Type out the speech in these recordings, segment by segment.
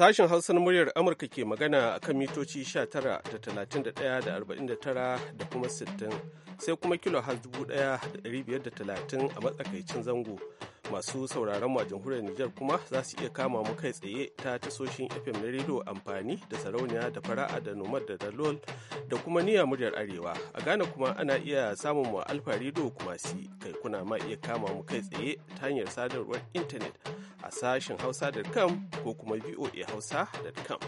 Sashen Hausa na muryar Amurka ke magana a kan mitoci 19 da 31 da 49 da kuma 60 sai kuma kilo har 1530 a matsakaicin zango. Masu sauraron a jamhuriyar Nijar kuma za su iya kama mu kai tsaye ta tasoshin FM na rediyo amfani da sarauniya da fara'a da nomad da dalol da kuma niyyar muryar arewa. A Ghana kuma ana iya samun mu alfa rediyo kuma si kai kuna ma iya kama mu kai tsaye ta hanyar sadarwar intanet. a sashen hausa.com ko kuma voa hausa.com.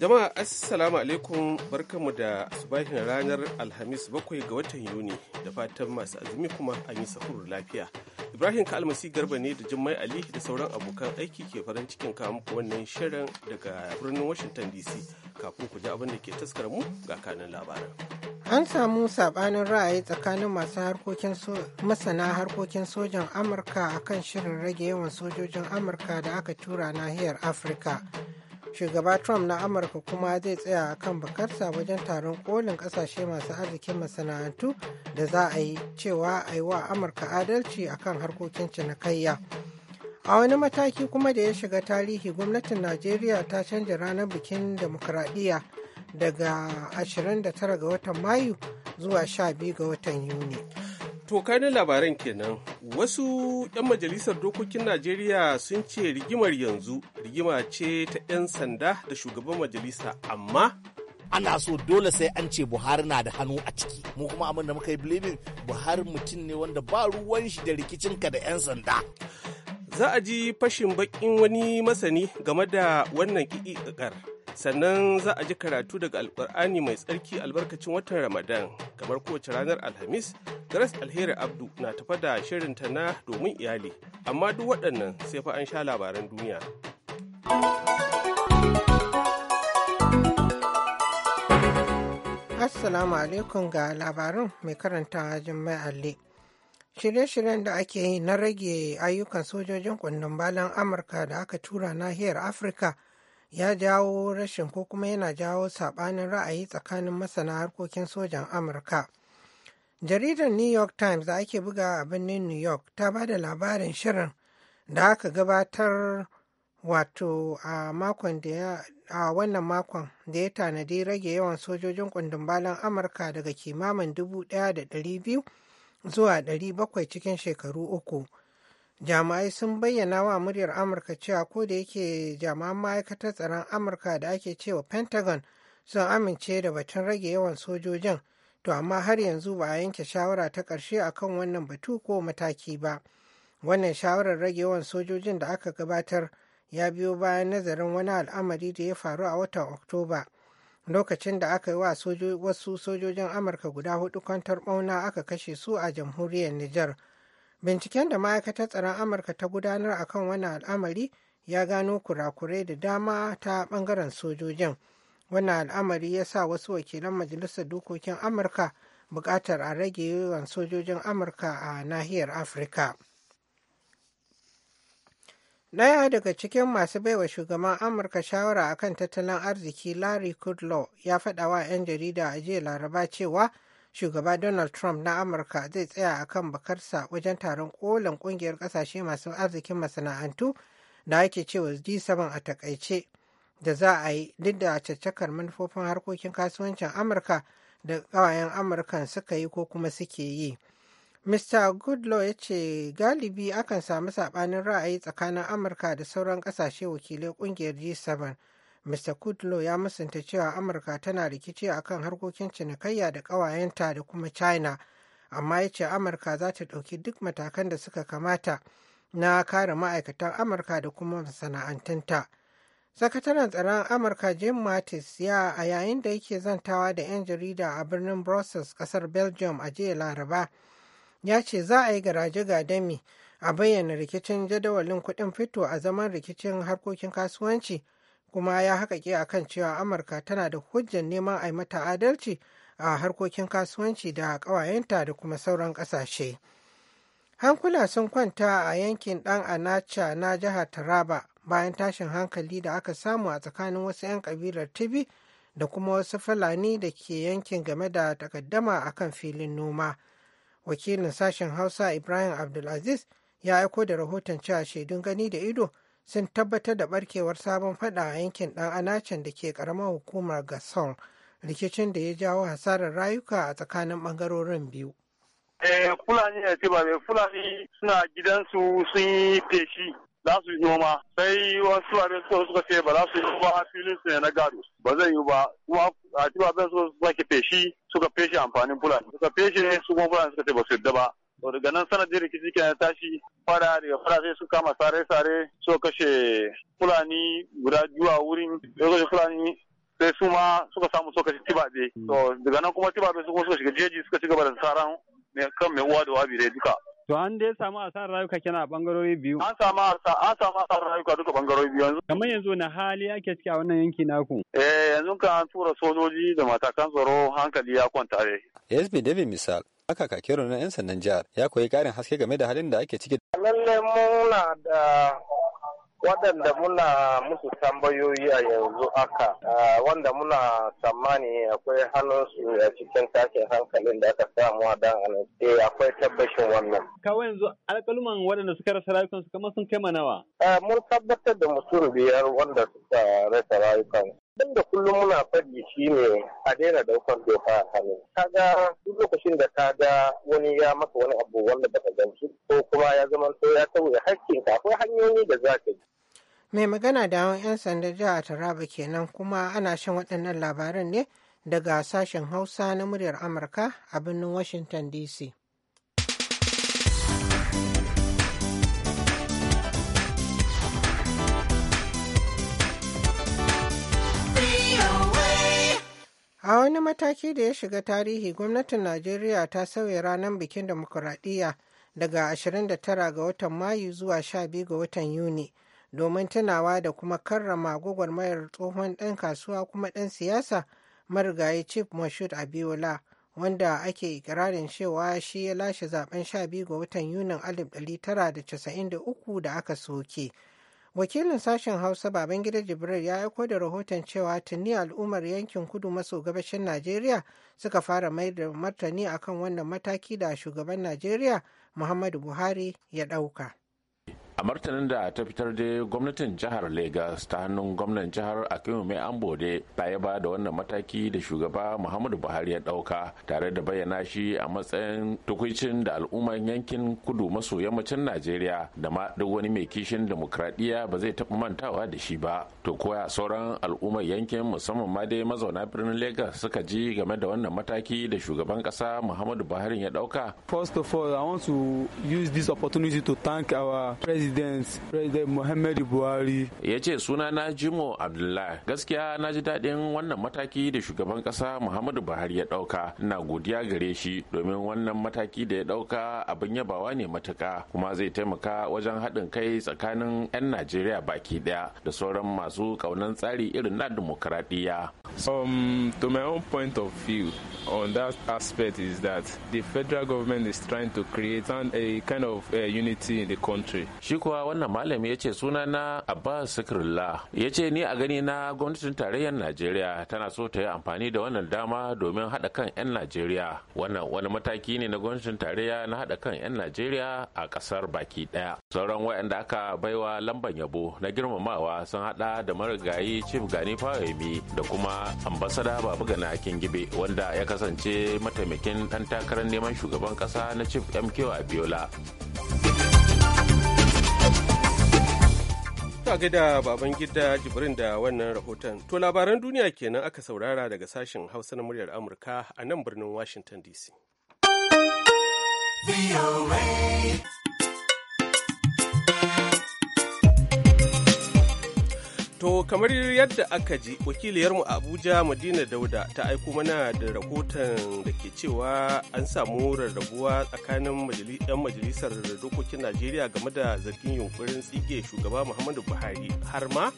jama'a assalamu alaikum barkanmu da subahin ranar alhamis bakwai ga watan yuni da fatan masu azumi kuma an yi sahuru lafiya ibrahim kalmasi garba ne da jimmai ali da sauran abokan aiki ke farin cikin kawo wannan shirin daga birnin washington dc kafin ku ji abin da ke taskar mu ga kanin labaran an samu sabanin ra'ayi tsakanin masu harkokin masana harkokin sojan amurka a kan shirin rage yawan sojojin amurka da aka tura nahiyar afirka shugaba trump na amurka kuma zai tsaya a kan bukarsa wajen taron kolin kasashe masu arzikin masana'antu da za a yi cewa a yi wa amurka adalci a kan harkokin cinikayya a wani mataki kuma da ya shiga tarihi gwamnatin najeriya ta canja ranar bikin demokuraɗiyya daga 29 ga watan mayu zuwa 12 ga watan yuni to labaran kenan wasu 'yan majalisar dokokin najeriya sun ce rigimar yanzu rigima ce ta 'yan sanda da shugaban majalisa amma ana so dole sai an ce buhari na da hannu a ciki mu kuma abin da muka yi bilibin buhari mutum ne wanda ba ruwan shi da rikicinka da 'yan sanda za a ji fashin bakin wani masani game da wannan ƙiƙiƙar sannan za a ji karatu daga alkur'ani mai tsarki albarkacin watan ramadan kamar kowace ranar alhamis grace alheri abdu na tafa da shirinta na domin iyali amma duk waɗannan sai fa an sha labaran duniya assalamu alaikum ga labarin mai karanta mai alli shirye-shiryen da ake yi na rage ayyukan sojojin kundin balan amurka da aka tura nahiyar afirka ya jawo rashin ko kuma yana jawo saɓanin ra'ayi tsakanin masana harkokin sojan amurka jaridar new york times da ake buga a birnin new york ta ba da labarin shirin da aka gabatar wato a makon da ya a wannan makon da ya tanadi rage yawan sojojin kundin amurka daga kimamin dubu ɗaya da ɗari biyu zuwa ɗari bakwai cikin shekaru uku Jami'ai sun bayyana wa muryar amurka cewa ko da yake jama'an ma'aikatar tsaron amurka da ake cewa pentagon sun amince da batun rage yawan sojojin to amma har yanzu ba a yanke shawara ta ƙarshe kan wannan batu ko mataki ba wannan shawarar rage yawan sojojin da aka gabatar ya biyo bayan nazarin wani al'amari da ya faru a watan oktoba lokacin da aka yi wa wasu sojojin amurka guda hudu kwantar bauna aka kashe su a jamhuriyar Nijar. binciken da ma'aikatar tsaron amurka ta gudanar a kan wannan al'amari ya gano kurakurai da dama ta bangaren sojojin wannan al'amari ya sa wasu wakilan majalisar dokokin amurka buƙatar a rage yawan sojojin amurka a nahiyar afirka Daya daga cikin masu baiwa shugaban Amurka shawara akan tattalin arziki Larry Kudlow ya faɗawa 'yan jarida a jiya Laraba cewa shugaba donald trump na amurka zai tsaya a kan bakarsa wajen taron kolin kungiyar kasashe masu arzikin masana'antu da ake cewa g7 a takaice da za a yi duk da caccakar manufofin harkokin kasuwancin amurka da ƙawayen amurkan suka yi ko kuma suke yi mr goodlaw ya ce galibi akan samu saɓanin ra'ayi tsakanin amurka da sauran ƙasashe wakilai ƙungiyar g7 Mr. Kudlow ya musanta cewa Amurka tana rikici a kan harkokin cinikayya da ƙawayenta da kuma China, amma ya ce Amurka za ta ɗauki duk matakan da suka kamata na kare ma'aikatan Amurka da kuma masana'antunta. Sakataren tsaron Amurka Jim Mattis ya a yayin da yake zantawa da 'yan jarida a birnin Brussels, ƙasar Belgium a jiya Laraba, ya ce za a yi garaje gadami a bayyana rikicin jadawalin kuɗin fito a zaman rikicin harkokin kasuwanci. kuma ya haƙaƙe a kan cewa amurka tana da hujjar neman a mata adalci a harkokin kasuwanci da ƙawayenta da kuma sauran ƙasashe hankula sun kwanta a yankin ɗan anacha na jihar taraba bayan tashin hankali da aka samu a tsakanin wasu 'yan ƙabilar tibi da kuma wasu fulani da ke yankin game da takaddama a kan filin noma wakilin sashen hausa ibrahim abdulaziz ya aiko da rahoton cewa shaidun gani da ido sun tabbatar da barkewar sabon fada a yankin dan anacin da ke karamar hukumar Gasson, rikicin da ya jawo hasarar rayuka a tsakanin bangarorin biyu eh, fulani ne ba mai fulani suna gidansu sun yi feshi za su yi noma sai wasu fulani suka suka ce ba za su yi ba a filin su ne na gado ba zai yi ba kuma a tibaben abin suka ke feshi suka feshi amfanin fulani suka feshi ne su kuma fulani suka ce ba su yadda ba to daga nan sanadin rikici ke tashi fara daga fara sai su kama sare-sare so kashe fulani guda biyu a wurin kashe fulani sai su ma suka samu so kashe tibabe to daga nan kuma tibabe su kuma suka shiga jeji suka ci gaba da saran kan mai uwa da wabi dai duka To an dai samu asarar rayuka kenan a bangarori biyu. An samu an samu asarar rayuka duka bangarori biyu yanzu. Kamar yanzu na hali ake ciki a wannan yanki naku. Eh yanzu ka tura sojoji da matakan tsaro hankali ya kwanta dai. SP David misal Haka kakin na 'yan sandan jihar ya koyi ƙarin haske game da halin da ake ciki. lalle muna da waɗanda muna musu tambayoyi a yanzu aka wanda muna tsammani akwai hannunsu a cikin tashin hankalin da aka samu a dan eh akwai tabbashin wannan kawai yanzu alƙaluman waɗanda suka rasa rayukansu kamar sun kai nawa eh, mun tabbatar da mutum biyar wanda suka rasa rayukansu Duk da kullum muna faɗi ne, a daina daukar doka a hannu kaga duk lokacin da ka ga wani ya maka wani abu wanda baka gamsu ko kuma ya zama to ya sauya hakkinka akwai hanyoyi da za ka yi. mai magana da yawan 'yan sanda jihar taraba kenan kuma ana shan waɗannan labaran ne daga sashen hausa na muryar amurka a birnin washington dc A wani mataki da ya shiga tarihi, gwamnatin Najeriya ta sauya ranar bikin demokuraɗiyya daga 29 ga watan Mayu zuwa 12 ga watan Yuni domin tunawa da kuma karrama gwagwarmayar tsohon ɗan kasuwa kuma ɗan siyasa marigayi Chief Moshood Abiola wanda ake ikirarin cewa shi ya lashe zaben 12 ga watan Yunin 1993 da aka soke. wakilin sashen hausa babangida jibril ya aiko da rahoton cewa tuni al'ummar yankin kudu maso gabashin najeriya suka fara mai da martani akan wannan mataki da shugaban najeriya muhammadu buhari ya ɗauka. a martanin da ta fitar da gwamnatin jihar lagos ta hannun gwamnan jihar mai ambode ta ba da wannan mataki da shugaba muhammadu buhari ya dauka tare da bayyana shi a matsayin tukuicin da al'umman yankin kudu maso yammacin najeriya da ma duk wani mai kishin demokradiyya ba zai taɓa mantawa da shi ba to koya sauran al'ummar yankin musamman ma dai mazauna birnin lagos suka ji game da wannan mataki da shugaban ƙasa muhammadu buhari ya dauka first of all i want to use this opportunity to thank our president president president muhammadu buhari ya ce suna na jimo abdullahi gaskiya na ji daɗin wannan mataki da shugaban ƙasa muhammadu buhari ya ɗauka ina godiya gare shi domin wannan mataki da ya ɗauka abin yabawa ne matuka kuma zai taimaka wajen haɗin kai tsakanin 'yan najeriya baki ɗaya da sauran masu ƙaunan tsari irin na dimokuraɗiyya. Um, to my own point of view on that aspect is that the federal government is trying to create an, a kind of a unity in the country. Shi kuwa wannan malami ya ce suna na abbas sikirla ya ce ni a gani na gwamnatin tarayyar najeriya tana so ta yi amfani da wannan dama domin hada kan 'yan najeriya wannan wani mataki ne na gwamnatin tarayya na hada kan 'yan najeriya a kasar baki daya sauran wayanda aka baiwa lamban yabo na girmamawa sun hada da marigayi chief gani fawemi da kuma ambasada babu gana gibe wanda ya kasance mataimakin ɗan takarar neman shugaban kasa na chief mk abiola To ga da baban gida Jibrin da wannan rahoton. To labaran duniya kenan aka saurara daga sashen Hausa na muryar Amurka a nan birnin Washington DC. To kamar yadda aka ji wakiliyarmu a Abuja Madina Dauda ta aiko mana da rahoton da ke cewa an samu rarrabuwa tsakanin 'yan majalisar dokokin Najeriya game da zargin yunkurin tsige shugaba Muhammadu Buhari har ma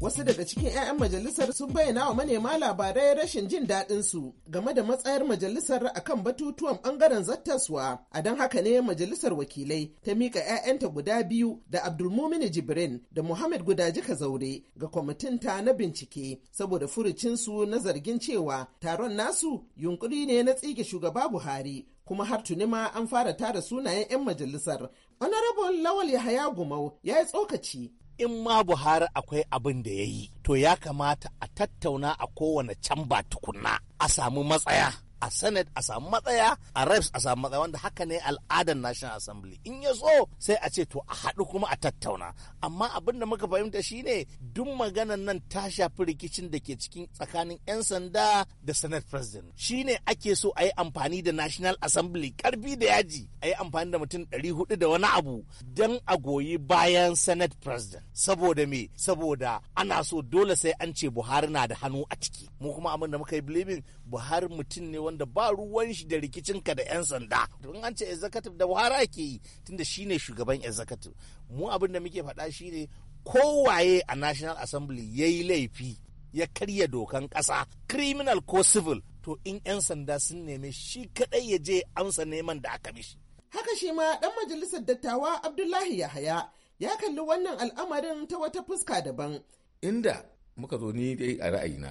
Wasu daga cikin 'ya'yan majalisar sun bayyana wa manema labarai rashin jin daɗin su game da matsayar majalisar akan batutuwan ɓangaren zattaswa. A don haka ne majalisar wakilai ta miƙa 'ya'yanta guda biyu da Abdulmumin Jibrin da Muhammad jika zaure, ga kwamitin ta na bincike saboda furucinsu na zargin cewa taron nasu yunkuri ne na tsige shugaba Buhari kuma har tuni ma an fara tara sunayen 'yan majalisar. Honorable Lawal Yahaya Gumau ya yi tsokaci in ma buhari akwai abin da ya yi to ya kamata a tattauna a kowane can ba tukunna a samu matsaya a senate a samu matsaya a reps a samu matsaya wanda haka ne al'adar national assembly in ya so sai a ce to a haɗu kuma a tattauna amma abin da muka fahimta shine duk maganan nan ta shafi rikicin da ke cikin tsakanin 'yan sanda da senate president shine ake so a yi amfani da national assembly karfi da yaji a yi amfani da mutum ɗari hudu da wani abu don a goyi bayan senate president saboda me saboda ana so dole sai an ce buhari na da hannu a ciki mu kuma abin da muka yi believing buhari mutum ne wanda ba ruwan shi da rikicin ka da 'yan sanda tun an ce executive da buhari ake yi tunda ne shugaban executive mu abin da muke faɗa shi ne kowaye a national assembly ya yi laifi ya karya dokan ƙasa criminal ko civil to in 'yan sanda sun neme shi kaɗai ya je amsa neman da aka mishi haka shi ma ɗan majalisar dattawa abdullahi yahaya ya kalli wannan al'amarin ta wata fuska daban inda muka zo ni dai a ra'ayina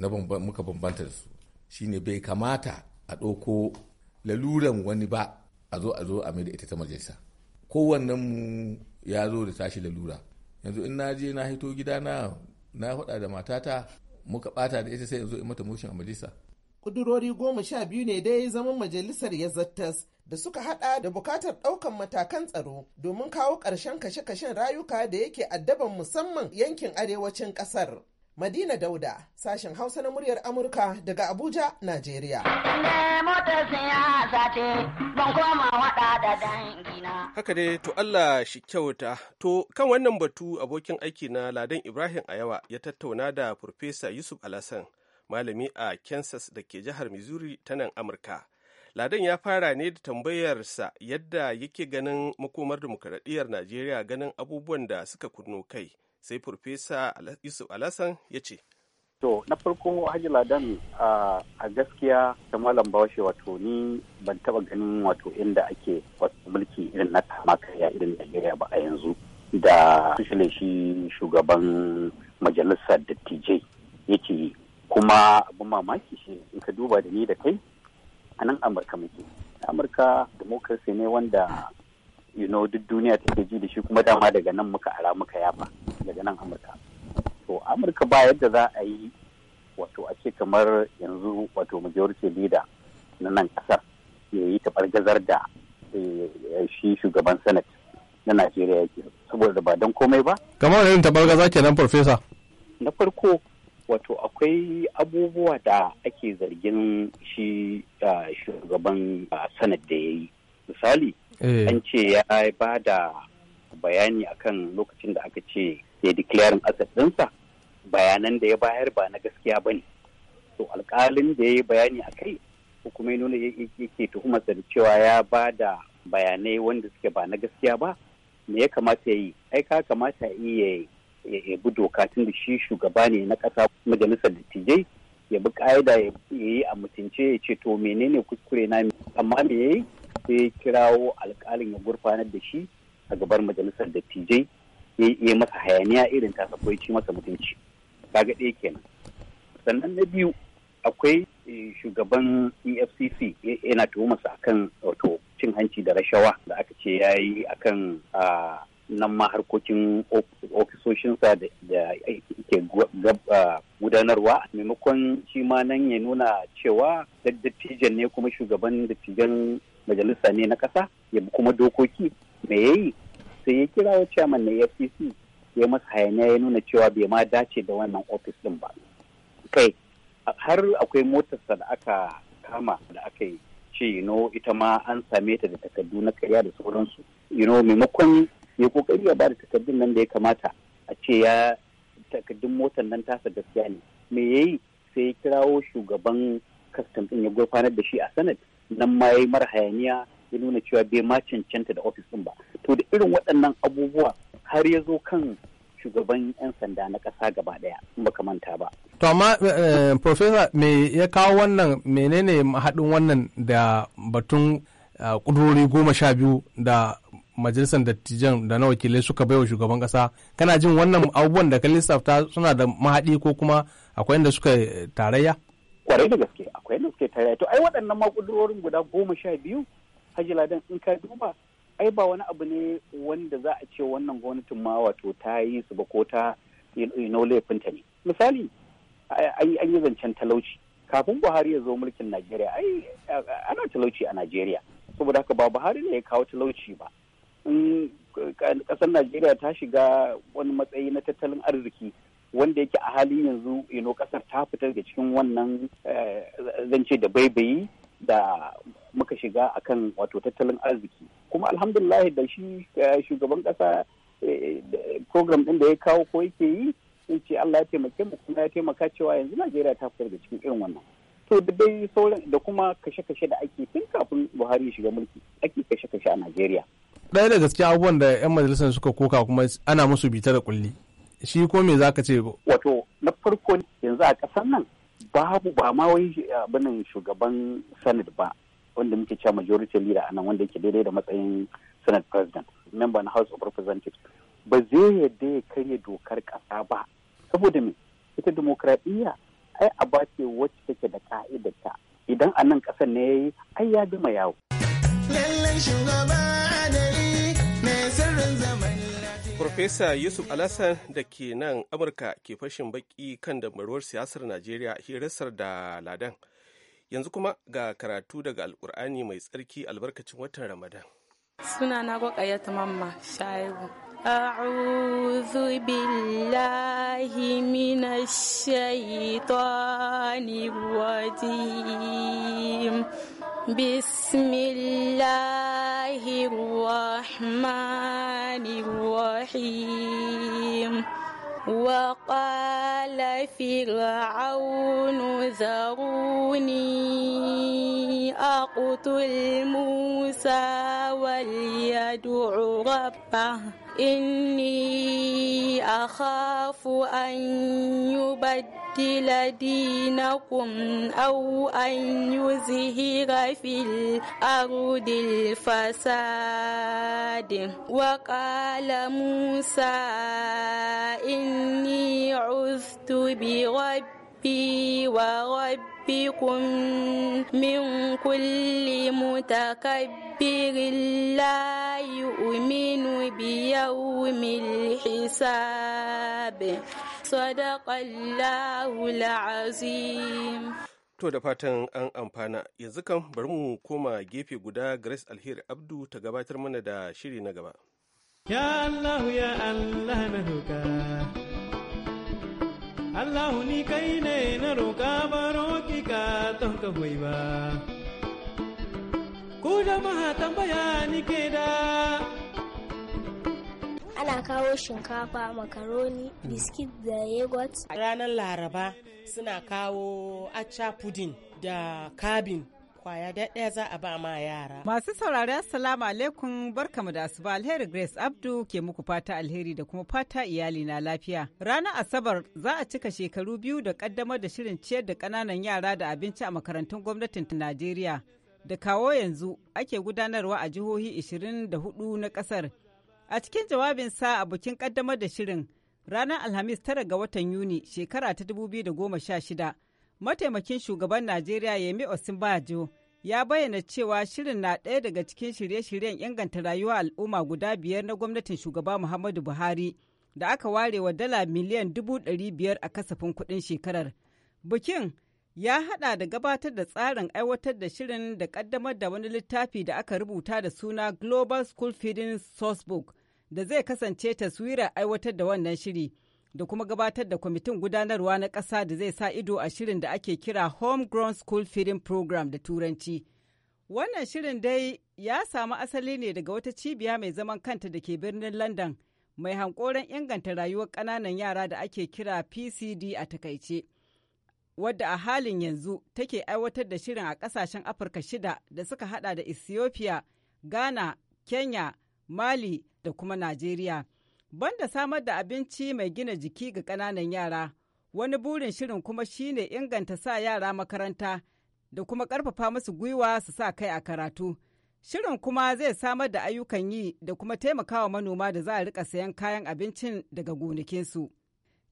na muka bambanta da su shine bai kamata a ɗauko laluran wani ba a zo a zo a mai da ita ta majalisa kowannen mu ya zo da tashi lalura yanzu in na je na hito gida na na faɗa da matata muka ɓata da ita sai yanzu in mata motion a majalisa kudurori goma sha biyu ne dai zaman majalisar ya zattas da suka hada da bukatar daukan matakan tsaro domin kawo ƙarshen kashe-kashen rayuka da yake addaban musamman yankin arewacin ƙasar Madina Dauda, sashen Hausa na muryar Amurka daga Abuja, Najeriya. Haka dai, to Allah shi kyauta. To, kan wannan batu abokin aiki na Ladan Ibrahim Ayawa ya tattauna da Farfesa Yusuf Alasan, malami a Kansas da ke jihar Missouri ta nan Amurka. Ladan ya fara ne da tambayarsa yadda yake ganin makomar dimokuraɗiyyar Najeriya ganin abubuwan da suka kunno kai. sai furfesa Yusuf Alasan ya ce. To, na farko Hajji Ladan a gaskiya ta Malam Bahaushe wato ni ban taba ganin wato inda ake wato mulki irin na kama karya irin Najeriya ba a yanzu da sushile shi shugaban majalisar dattijai yake kuma abin mamaki shi in ka duba da ni da kai a nan Amurka muke. Amurka democracy ne wanda you know duk duniya take ji da shi kuma dama daga nan muka ara muka yafa. daga nan amurka to amurka ba yadda za a yi wato a ce kamar yanzu wato majority leader na nan kasar ya yi taɓar gazar da eh, shi shugaban senate na najeriya ke saboda ba don komai ba kamar irin taɓar gaza kenan farfesa na farko wato akwai abubuwa da ake zargin shi eh, shugaban eh, senate da ya yi misali an ce ya ba da bayani akan lokacin da aka ce ya declaring asset ɗinsa bayanan da ya bayar ba na gaskiya ba ne to alkalin da ya yi bayani a kai hukumai nuna yake ke da cewa ya ba da bayanai wanda suke ba na gaskiya ba me ya kamata ya yi ai ka kamata ya yi ya bi doka tun da shi shugaba ne na ƙasa majalisar dattijai ya bi ƙa'ida ya yi a mutunce ya ce to menene kuskure na amma me ya yi sai ya kirawo alƙalin ya gurfanar da shi a gabar majalisar dattijai ya masa hayaniya irin ta ko ci masa mutunci kaga ɗaya kenan sannan na biyu akwai eh, shugaban efcc yana masa akan wato cin hanci da rashawa da aka ce ya yi akan nan ma harkokin ofisoshinsa da ke gudanarwa maimakon shi ma nan ya nuna cewa dattijan ne kuma shugaban dattijan majalisa ne na ƙasa ya kuma dokoki me yayi sai ya kira wa chairman na FCC ya masa hayaniya ya nuna cewa bai ma dace da wannan ofis din ba kai har akwai motarsa da aka kama da aka yi ce you ita ma an same ta da takardu na karya da sauransu you maimakon ya kokari ya ba da takardun nan da ya kamata a ce ya takardun motar nan tasa gaskiya ne me ya yi sai ya kirawo shugaban kastam ɗin ya gurfanar da shi a sanad nan ma ya yi mara hayaniya ya nuna cewa bai ma cancanta da ofis ɗin ba to da irin waɗannan abubuwa har ya zo kan shugaban 'yan sanda na ƙasa gaba ɗaya in ba manta ba. To amma eh, Profesa me ya kawo wannan menene haɗin wannan da batun eh, ƙudurori goma sha biyu da majalisar dattijan da na wakilai suka baiwa shugaban ƙasa kana jin wannan abubuwan da ka lissafta suna da mahaɗi ko kuma akwai inda suka eh, tarayya? Kwarai da gaske akwai inda suka tarayya to ai waɗannan ma ƙudurorin guda goma sha biyu hajji ladan in ka duba ai ba wani abu ne wanda za a ce wannan gwamnatin ma wato ta yi su ba ko ta ino laifinta ne misali an yi zancen talauci kafin buhari ya zo mulkin najeriya ai ana talauci a najeriya saboda haka ba buhari ne ya kawo talauci ba kasar najeriya ta shiga wani matsayi na tattalin arziki wanda yake a halin yanzu ino kasar ta fita daga cikin wannan eh, zance da baibayi da muka shiga a kan wato tattalin arziki kuma alhamdulillah da shi eh, shugaban kasa eh, eh, program din da ya kawo ko yake yi in ce Allah ya taimake mu kuma ya taimaka cewa yanzu Najeriya ta fitar da cikin irin wannan to da dai sauran da kuma kashe-kashe da ake tun kafin Buhari ya shiga mulki ake kashe-kashe a Najeriya ɗaya da gaske abubuwan da 'yan majalisar suka koka kuma ana musu bita da kulli shi ko me zaka ce wato na farko yanzu a ƙasar nan babu ba ma wai eh, abinan shugaban senate ba wanda muke cewa majority leader anan wanda yake daidai da matsayin senate president member na house of representatives ba zai yadda ya karya dokar kasa ba saboda me ita demokradiyya ai a ce wacce take da ka'idarta idan a nan ƙasar ne ya ai ya gama yawo. Lallan shugaba Fesa Yusuf Alasan da ke nan Amurka ke fashin baki kan damarwar siyasar Najeriya hirarsa da Ladan. Yanzu kuma ga karatu daga Alkur'ani mai tsarki albarkacin watan Ramadan. Suna na ta mamma shaibu. أعوذ بالله من الشيطان الرجيم بسم الله الرحمن الرحمن الرحيم وقال فرعون ذروني أقتل موسى وليدع ربه إني أخاف أن يبدل يبدل دينكم أو أن يزهر في الأرض الفساد وقال موسى إني عذت بربي وربكم من كل متكبر لا يؤمن بيوم الحساب Sadaqallahu al'azim. To da fatan an amfana yanzu kan bari mu koma gefe guda Grace Alheri Abdu ta gabatar mana da shiri na gaba. Ya Allah ya Allah na roƙa. Allah ni kai ne na roƙa baro ki ka ton ka ba. Ku jama'a tambaya ni ke da ana kawo shinkafa makaroni biskit da yogurt ranar laraba suna kawo acha pudding da kabin kwaya ɗaya za a ba ma yara. Masu saurari assalamu alaikum barkamu da asuba alheri Grace Abdu ke muku fata alheri da kuma fata iyali na lafiya. Ranar Asabar za a cika shekaru biyu da kaddamar da shirin ciyar da kananan yara da abinci a makarantun gwamnatin Najeriya. Da kawo yanzu ake gudanarwa a jihohi 24 na kasar. A cikin jawabinsa a bikin kaddamar da shirin ranar Alhamis tara ga watan Yuni shekara ta 2016, mataimakin shugaban Najeriya Yemi Osinbajo ya bayyana cewa shirin na ɗaya daga cikin shirye-shiryen inganta rayuwa al'umma guda biyar na gwamnatin shugaba Muhammadu Buhari da aka ware wa dala miliyan dubu ɗari biyar a kasafin kuɗin shekarar. Bikin ya haɗa da gabatar da tsarin aiwatar da shirin da ƙaddamar da wani littafi da aka rubuta da suna Global School Feeding Sourcebook da zai kasance taswirar aiwatar da wannan shiri da kuma gabatar da kwamitin gudanarwa na ƙasa da zai sa ido a shirin da ake kira homegrown school feeding program da turanci wannan shirin dai ya samu asali ne daga wata cibiya mai zaman kanta da ke birnin london mai hankoron inganta rayuwar ƙananan yara da ake kira pcd a takaice wadda a halin yanzu take aiwatar da shirin a ƙasashen afirka shida da suka hada da ethiopia ghana kenya mali da kuma Najeriya. Banda samar da abinci mai gina jiki ga ƙananan yara, wani burin shirin kuma shine inganta sa yara makaranta da kuma ƙarfafa musu gwiwa su sa kai a karatu. Shirin kuma zai samar da ayyukan yi da kuma taimakawa manoma da za a rika sayan kayan abincin daga gonakinsu.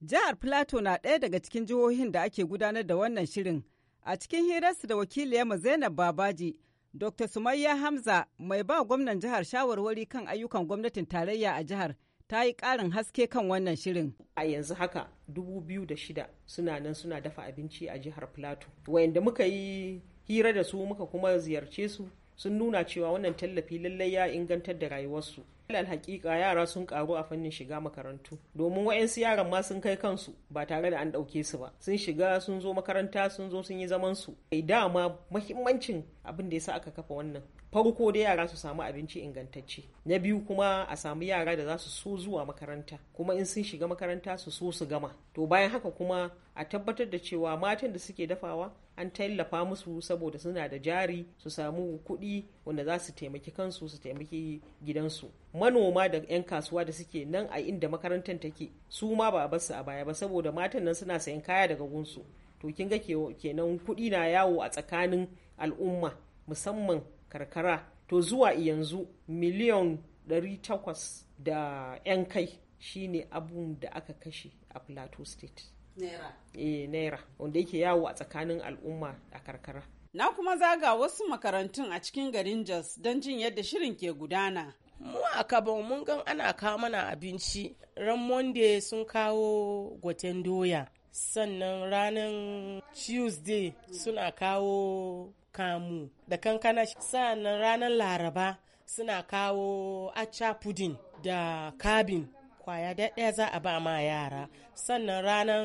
Jihar Plateau na ɗaya daga cikin jihohin da ake gudanar da wannan shirin. A cikin hirarsu da wakiliyarmu Zainab Babaji, Dr. Sumayya Hamza mai ba gwamnan jihar shawarwari kan ayyukan gwamnatin tarayya a jihar ta yi ƙarin haske kan wannan shirin. A yanzu haka dubu biyu da shida suna nan suna dafa abinci a jihar Plateau. Wayanda muka yi hira da su muka kuma ziyarce su sun nuna cewa wannan tallafi lallai ya ingantar da rayuwarsu. Alal hakika yara sun karu a fannin shiga makarantu domin wa'yansu yaran ma sun kai kansu ba tare da an ɗauke su ba. Sun shiga sun zo makaranta sun zo sun yi zaman su. Dama mahimmancin abin da yasa aka kafa wannan farko dai yara su samu abinci ingantacce na biyu kuma a samu yara da za su so zuwa makaranta kuma in sun shiga makaranta su so su gama to bayan haka kuma a tabbatar da cewa matan da suke dafawa an tallafa musu saboda suna da jari su samu kuɗi wanda za su taimaki kansu su taimaki gidansu manoma da 'yan kasuwa da suke nan a inda makarantar take su ma ba a basu a baya ba saboda matan nan suna sayan kaya daga gunsu to kin ga kenan kuɗi na yawo a tsakanin al'umma musamman karkara to zuwa yanzu miliyan 800 da 'yan kai shine abun da aka kashe a plateau state naira eh naira wanda yake yawo a tsakanin al'umma a karkara na kuma zaga wasu makarantun a cikin garin jos don jin yadda shirin ke gudana mu a kabon mun gan ana kawo mana abinci ran monday sun kawo gwaten doya sannan ranar tuesday suna kawo kamu da kankana sannan ranar laraba suna kawo acha pudding da kabin kwaya ɗaya za a ba ma yara sannan ranar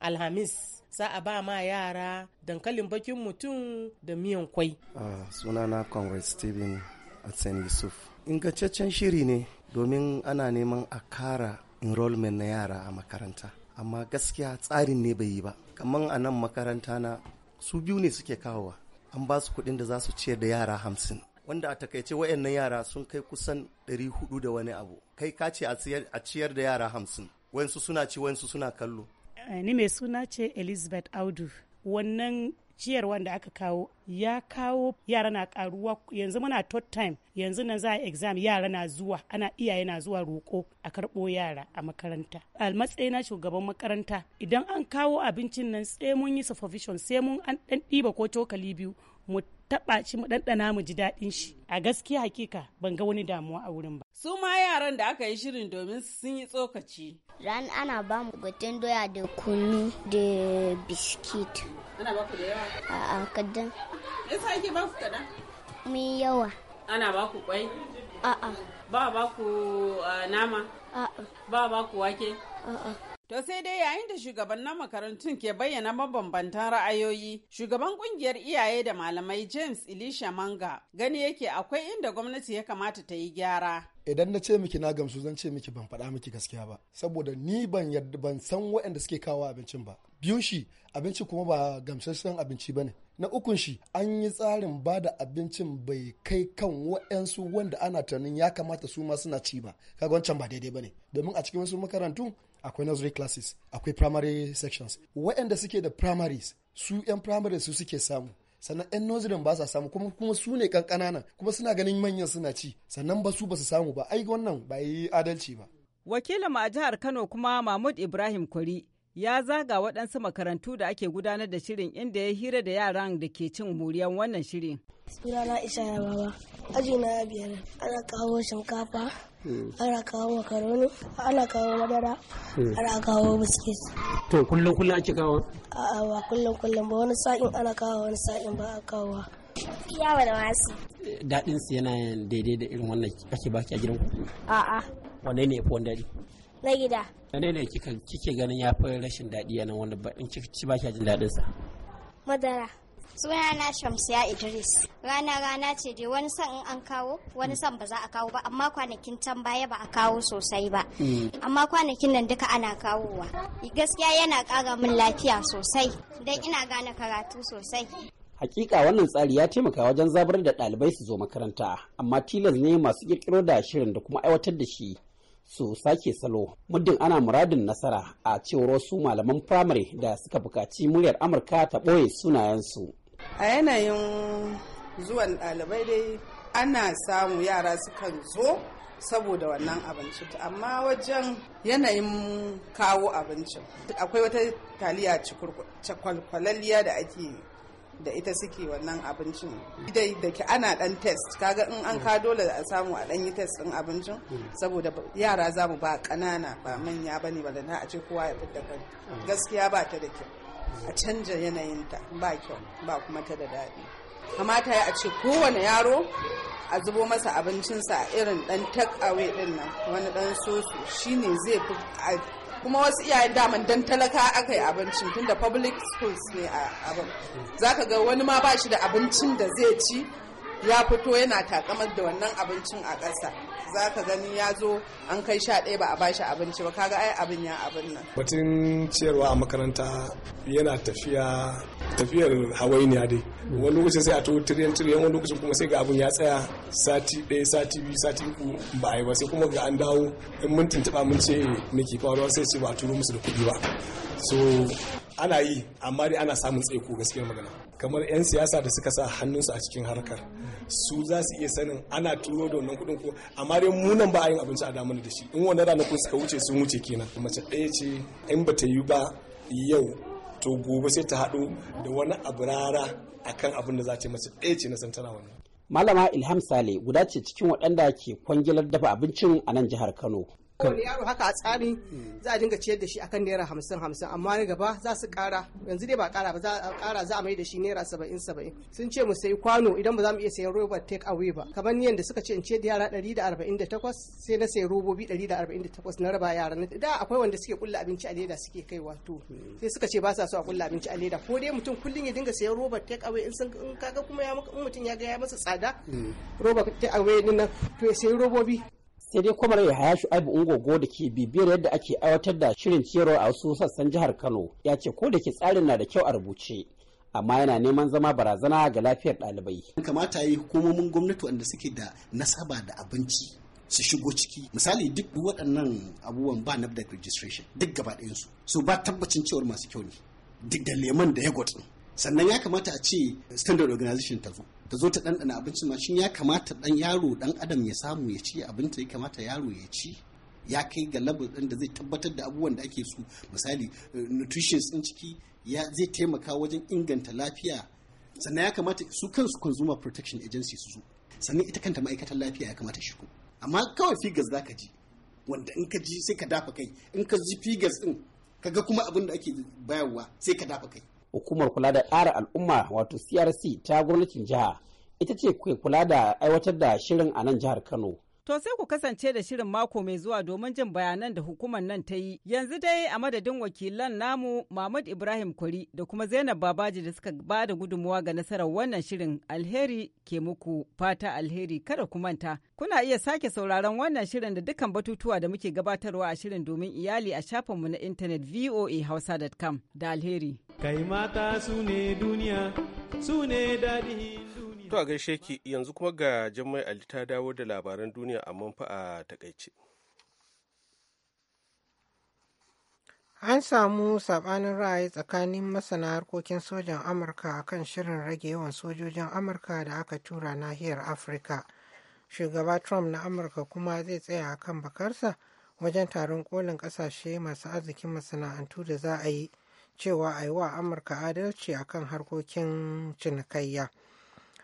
alhamis za a ba ma yara dankalin bakin mutum da miyan kwai ah, Suna na conrad steven atsen yusuf ingantaccen shiri ne domin ana neman a kara enrollment na yara a makaranta amma gaskiya tsarin ne bai yi ba kamar a nan makaranta na su biyu ne suke kawowa an ba su kuɗin da za su ciyar da yara hamsin wanda a takaice nan yara sun kai kusan ɗari hudu da wani abu kai ka ce a ciyar da yara hamsin wayansu suna ci wayansu suna kallo eh, ni mai suna ce elizabeth audu wannan ciyar wanda aka kawo ya kawo yara na karuwa yanzu muna tot time yanzu nan za a exam yara na zuwa ana iyaye na zuwa roko a karɓo yara a makaranta a matsayina shugaban makaranta idan an kawo abincin nan sai mun yi supervision sai mun an dan ɗiba ko cokali biyu mu taɓa shi mu ɗanɗana mu ji daɗin shi a gaskiya hakika ban ga wani damuwa a wurin ba. su ma yaran da aka yi shirin domin sun yi tsokaci. ran ana ba mu gwaten doya da kunu da biskit. ana ba ku da yawa? a kadan. me yasa ake ba ku kadan? mun yawa. ana ba ku kwai? a'a. ba ba ku ah, nama? a'a. ba ba ku wake? a'a. To sai dai yayin da shugabannan makarantun ke bayyana mabambantan ra'ayoyi, shugaban kungiyar iyaye da malamai James Elisha Manga gani yake akwai inda gwamnati ya kamata ta yi gyara. Idan na ce miki na gamsu zan ce miki ban faɗa miki gaskiya ba, saboda ni ban yadda ban san waɗanda suke kawo abincin ba. Biyun shi abinci kuma ba gamsasshen abinci ba ne. Na ukun shi an yi tsarin ba da abincin bai kai kan waɗansu wanda ana tunanin ya kamata su ma suna ci ba. Kaga wancan ba daidai ba ne. Domin a cikin wasu makarantu. akwai nursery classes akwai primary sections waɗanda suke da primaries su 'yan primaries su suke samu sannan 'yan nursery ba sa samu kuma kuma su ne kankananan kuma suna ganin manyan suna ci sannan ba su ba su samu ba ai wannan ba yi adalci ba wakilin a jihar kano kuma mahmud ibrahim kwari ya zaga waɗansu makarantu da ake gudanar da shirin inda ya hira da yaran da ke cin muriyan wannan shirin sunana isa yabawa aji na biyar ana kawo shinkafa ana kawo makaroni ana kawo madara hmm. ana kawo biskit to kullum kullum ake kawo a'a ba kullum kullum ba wani sa'in ana kawo wani sa'in ba a kawo yawa da wasu daɗin su yana daidai da irin wannan ake baki a gidan ku a'a wanne ne yafi wanda na gida wanne ne kike ganin ya fara rashin daɗi yana wanda ba in kika ci baki a jin daɗin sa madara sunana shamsiya idris rana rana ce dai wani san in an kawo wani san ba za a kawo ba amma kwanakin can baya ba a kawo sosai ba mm. amma kwanakin nan duka ana kawowa gaskiya yana ƙara min lafiya sosai dan ina gane karatu sosai hakika wannan tsari ya taimaka wajen zabar da ɗalibai su zo makaranta amma tilas ne masu kirkiro da shirin da kuma aiwatar da shi su sake salo muddin ana muradin nasara a cewar wasu malaman firamare da suka buƙaci muryar amurka ta ɓoye sunayensu a yanayin zuwan ɗalibai dai ana samu yara sukan zo saboda wannan abinci amma wajen yanayin kawo abincin akwai wata taliya cikwalkwalaliya da ake da ita suke wannan abincin idai da ke ana dan test kaga in an ka dole a samu a dan yi test din abincin saboda yara zamu mu ba kanana ba manya bane ba da na a ce kowa ya fitta gaskiya ba ta da kyau a canja ta ba kyau ba kuma ta da daɗi kamata ya a ce kowane yaro a zubo masa abincinsa a irin dan takawe ɗin nan wani dan soso shine zai fi kuma wasu iyayen daman dan talaka aka yi abincin tunda public schools ne a abin zaka ga wani ma ba shi da abincin da zai ci ya fito yana takamar da wannan abincin a ƙasa za ka gani ya zo an kai sha ɗaya ba a bashi abinci ba kaga ai abin ya abin nan batun ciyarwa a makaranta yana tafiya tafiyar hawainiya dai wani lokacin sai a to tiriyan tiriyan wani lokacin kuma sai ga abin ya tsaya sati ɗaya sati biyu sati uku ba a yi ba sai kuma ga an dawo in mun tuntuɓa mun ce me ke faruwa sai ce ba a turo musu da kuɗi ba so ana yi amma dai ana samun tsaiko gaskiyar magana kamar 'yan siyasa da suka sa hannunsu a cikin harkar su za su iya sanin ana turo da wannan kuɗin ko amma dai munan ba a yin abinci a damar da shi in wannan ranakun suka wuce sun wuce kenan mace ɗaya ce in ba ta yi ba yau to gobe sai ta haɗu da wani abrara a akan abin da za ta yi mace ɗaya ce na san tana wannan malama ilham sale guda ce cikin waɗanda ke kwangilar dafa abincin a nan jihar kano kowane yaro haka a tsari hmm. za a dinga ciyar da shi akan naira hamsin hamsin amma na gaba za su kara yanzu dai ba kara ba za a kara za a mai da shi naira saba'in saba'in sun ce mu sayi kwano idan ba za mu iya sayan roba take away ba kamar ni yanda suka ce in ce da yara ɗari da arba'in da takwas sai na sayi robobi ɗari da arba'in da takwas na raba yara da akwai wanda suke kulla abinci a leda suke kai wato hmm. sai suka ce ba sa so a kulla abinci a leda ko dai mutum kullum ya dinga sayan roba take away in sun kaga kuma ya mutum ya ga ya masa tsada hmm. roba take away din nan to ya sayi robobi sai dai kwamar ya haya shu'aibu ungogo da ke bibiyar yadda ake aiwatar da shirin ciyarwa a wasu sassan jihar kano ya ce ko da ke tsarin na da kyau a rubuce amma yana neman zama barazana ga lafiyar ɗalibai. kamata yi hukumomin gwamnati wanda suke da nasaba da abinci su shigo ciki misali duk waɗannan abubuwan ba na da registration duk gaba su so ba tabbacin cewar masu kyau ne duk da leman da ya sannan ya kamata a ce standard organization ta zo ta zo ta ɗanɗana abincin ma shin ya kamata ɗan yaro ɗan adam ya samu ya ci abin ta ya kamata yaro ya ci ya kai ga labar ɗin da zai tabbatar da abubuwan da ake su misali eh, nutrition ɗin ciki ya zai taimaka wajen inganta lafiya sannan ya kamata su kansu consumer protection agency su zo sannan ita kanta ma'aikatan lafiya ya kamata shigo amma kawai figas za ka ji wanda in ka ji sai ka dafa kai in ka ji figas ɗin ga kuma abin da ake bayarwa sai ka dafa kai hukumar kula da tsara al'umma wato crc ta gwamnatin jiha ita ce ke kula da aiwatar da shirin a nan jihar kano To sai ku kasance da shirin mako mai zuwa domin jin bayanan da hukumar nan ta yi. Yanzu dai a madadin wakilan namu Mahmud Ibrahim Kwari da kuma Zainab Babaji da suka ba da gudunmuwa ga nasarar wannan shirin alheri ke muku fata alheri kada ku manta. Kuna iya sake sauraron wannan shirin da dukkan batutuwa da muke gabatarwa a shirin domin iyali a shafinmu na intanet voa voahausa.com da alheri. kai mata su ne duniya su ne daɗi To a gaishe ki yanzu kuma ga Jummai Ali ta dawo da labaran duniya amma fa a takaice. An samu sabanin ra'ayi tsakanin masana harkokin sojan Amurka kan shirin rage yawan sojojin Amurka da aka tura nahiyar Afirka. Shugaba Trump na Amurka kuma zai tsaya akan bakarsa wajen taron kolin kasashe masu arzikin masana'antu da za a yi cewa a yi wa amurka adalci a kan harkokin cinikayya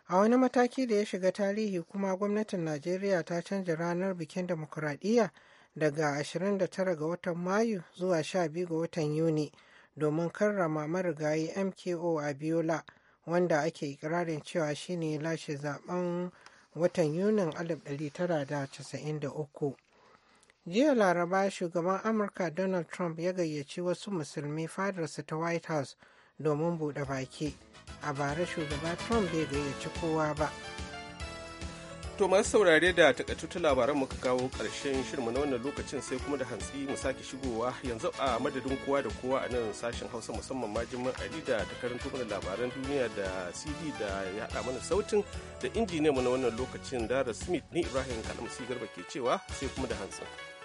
a wani mataki da ya shiga tarihi kuma gwamnatin najeriya ta canza ranar bikin demokuraɗiyya daga 29 ga watan mayu zuwa 12 ga watan yuni domin karrama marigayi mko abiola wanda ake ikirarin cewa shine lashe zaben watan yunin 1993 jiya laraba shugaban amurka donald trump ya gayyaci wasu musulmi fadarsa ta white house domin bude baki a bara shugaba trump bai gayyaci kowa ba to masu saurare da takaitattun labaran muka kawo karshen shirma na wannan lokacin sai kuma da hantsi mu sake shigowa yanzu a madadin kowa da kowa a nan sashen hausa musamman ma jimin ali da takarin mana labaran duniya da cd da ya haɗa mana sautin da mu na wannan lokacin dara smith ni ibrahim kalamsi garba ke cewa sai kuma da hantsi